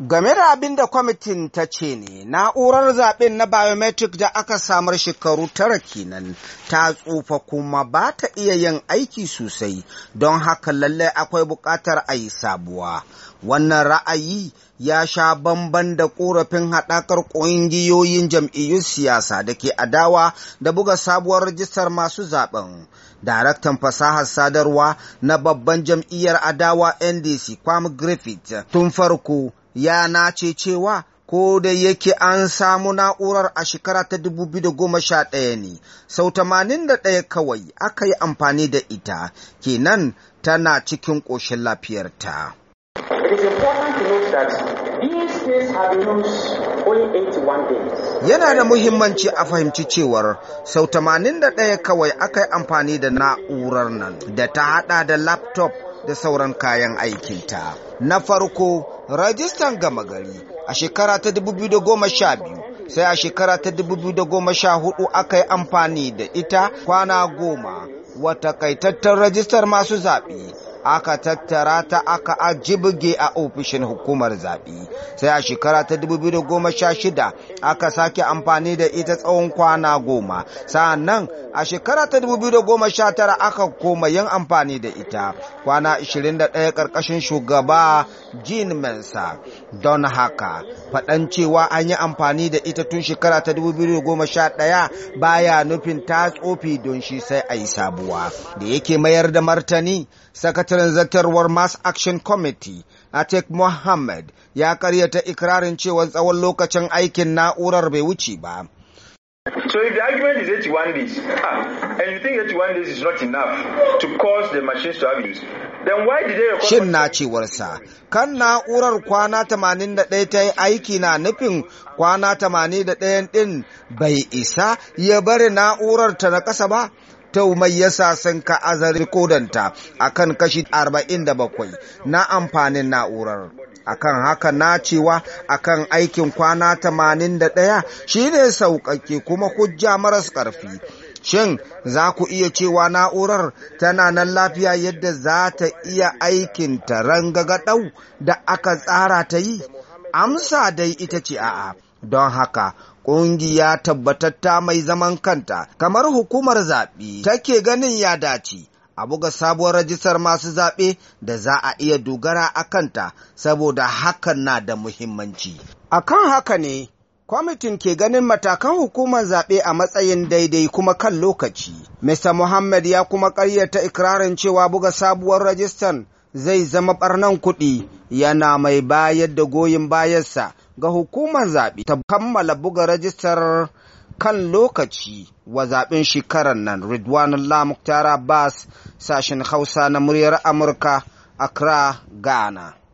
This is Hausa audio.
Game da abin da kwamitin ta ce ne, na'urar zaɓen na biometric da aka samar shekaru tara kenan ta tsufa kuma ba ta iya yin aiki sosai don haka lallai akwai buƙatar a yi sabuwa. Wannan ra'ayi ya sha bamban da ƙorafin haɗakar ƙungiyoyin jam'iyyun siyasa da ke adawa da buga sabuwar rajistar masu zaben. Daraktan fasahar sadarwa na babban jam'iyyar adawa NDC Kwam Griffith tun farko ya nace cewa ko da yake an samu na'urar a shekara ta 2011 ne, sau 81 kawai aka yi amfani da ita, kenan tana cikin ƙoshin lafiyarta. Yana da muhimmanci a fahimci cewar sau 81 kawai aka yi amfani da na'urar nan da ta hada da laptop da sauran kayan aikinta. Na farko rajistan gama gari a shekara ta 2012 sai a shekara ta 2014 aka yi amfani da ita kwana goma wata kaitattar rajistar masu zaɓe aka tattara ta aka ajibige a ofishin hukumar zaɓe sai a shekara ta 2016 aka sake amfani da ita tsawon kwana goma sa'annan a shekara ta 2019 aka koma yin amfani da ita kwana 21 ƙarƙashin shugaba Jean Mensa don haka faɗan cewa an yi amfani da ita tun shekara ta 2011 baya nufin ta tsofi don shi sai a yi sabuwa da yake mayar da martani sakataren zartarwar mass action committee Atek Mohammed ya karyata ikirarin cewa tsawon lokacin aikin na'urar bai wuce ba. So if the argument is 81 days, ah, and you think 81 days is not enough to cause the machines to have use, then why did they Shin na cewarsa, kan na'urar kwana 81 ta yi aiki na nufin kwana 81 ɗin bai isa ya bari na'urar ta na ƙasa ba? tau mai yasa sun ka azari kodanta kan kashi 47 na amfanin na'urar. akan haka na cewa akan aikin kwana tamanin da ɗaya shine sauƙaƙe kuma hujja maras ƙarfi Shin za ku iya cewa na'urar tana nan lafiya yadda za ta iya aikin ta ɗau da aka tsara ta yi? Amsa dai ita ce a'a, don haka ƙungiya tabbatatta mai zaman kanta kamar hukumar zaɓe take ganin ya dace. a buga sabuwar rajistar masu zaɓe da za a iya dogara a kanta saboda hakan na da muhimmanci. A kan haka ne, kwamitin ke ganin matakan hukumar zaɓe a matsayin daidai kuma kan lokaci. Mr. Muhammad ya kuma ƙaryata ikirarin cewa buga sabuwar rajistan zai zama ɓarnan kuɗi yana mai bayar da goyin bayansa ga hukumar zaɓe ta kammala buga rajistar kan lokaci wa zaɓen shekarar nan Ridwanullah Muktar Bas, sashen Hausa na muryar Amurka, Accra, Ghana.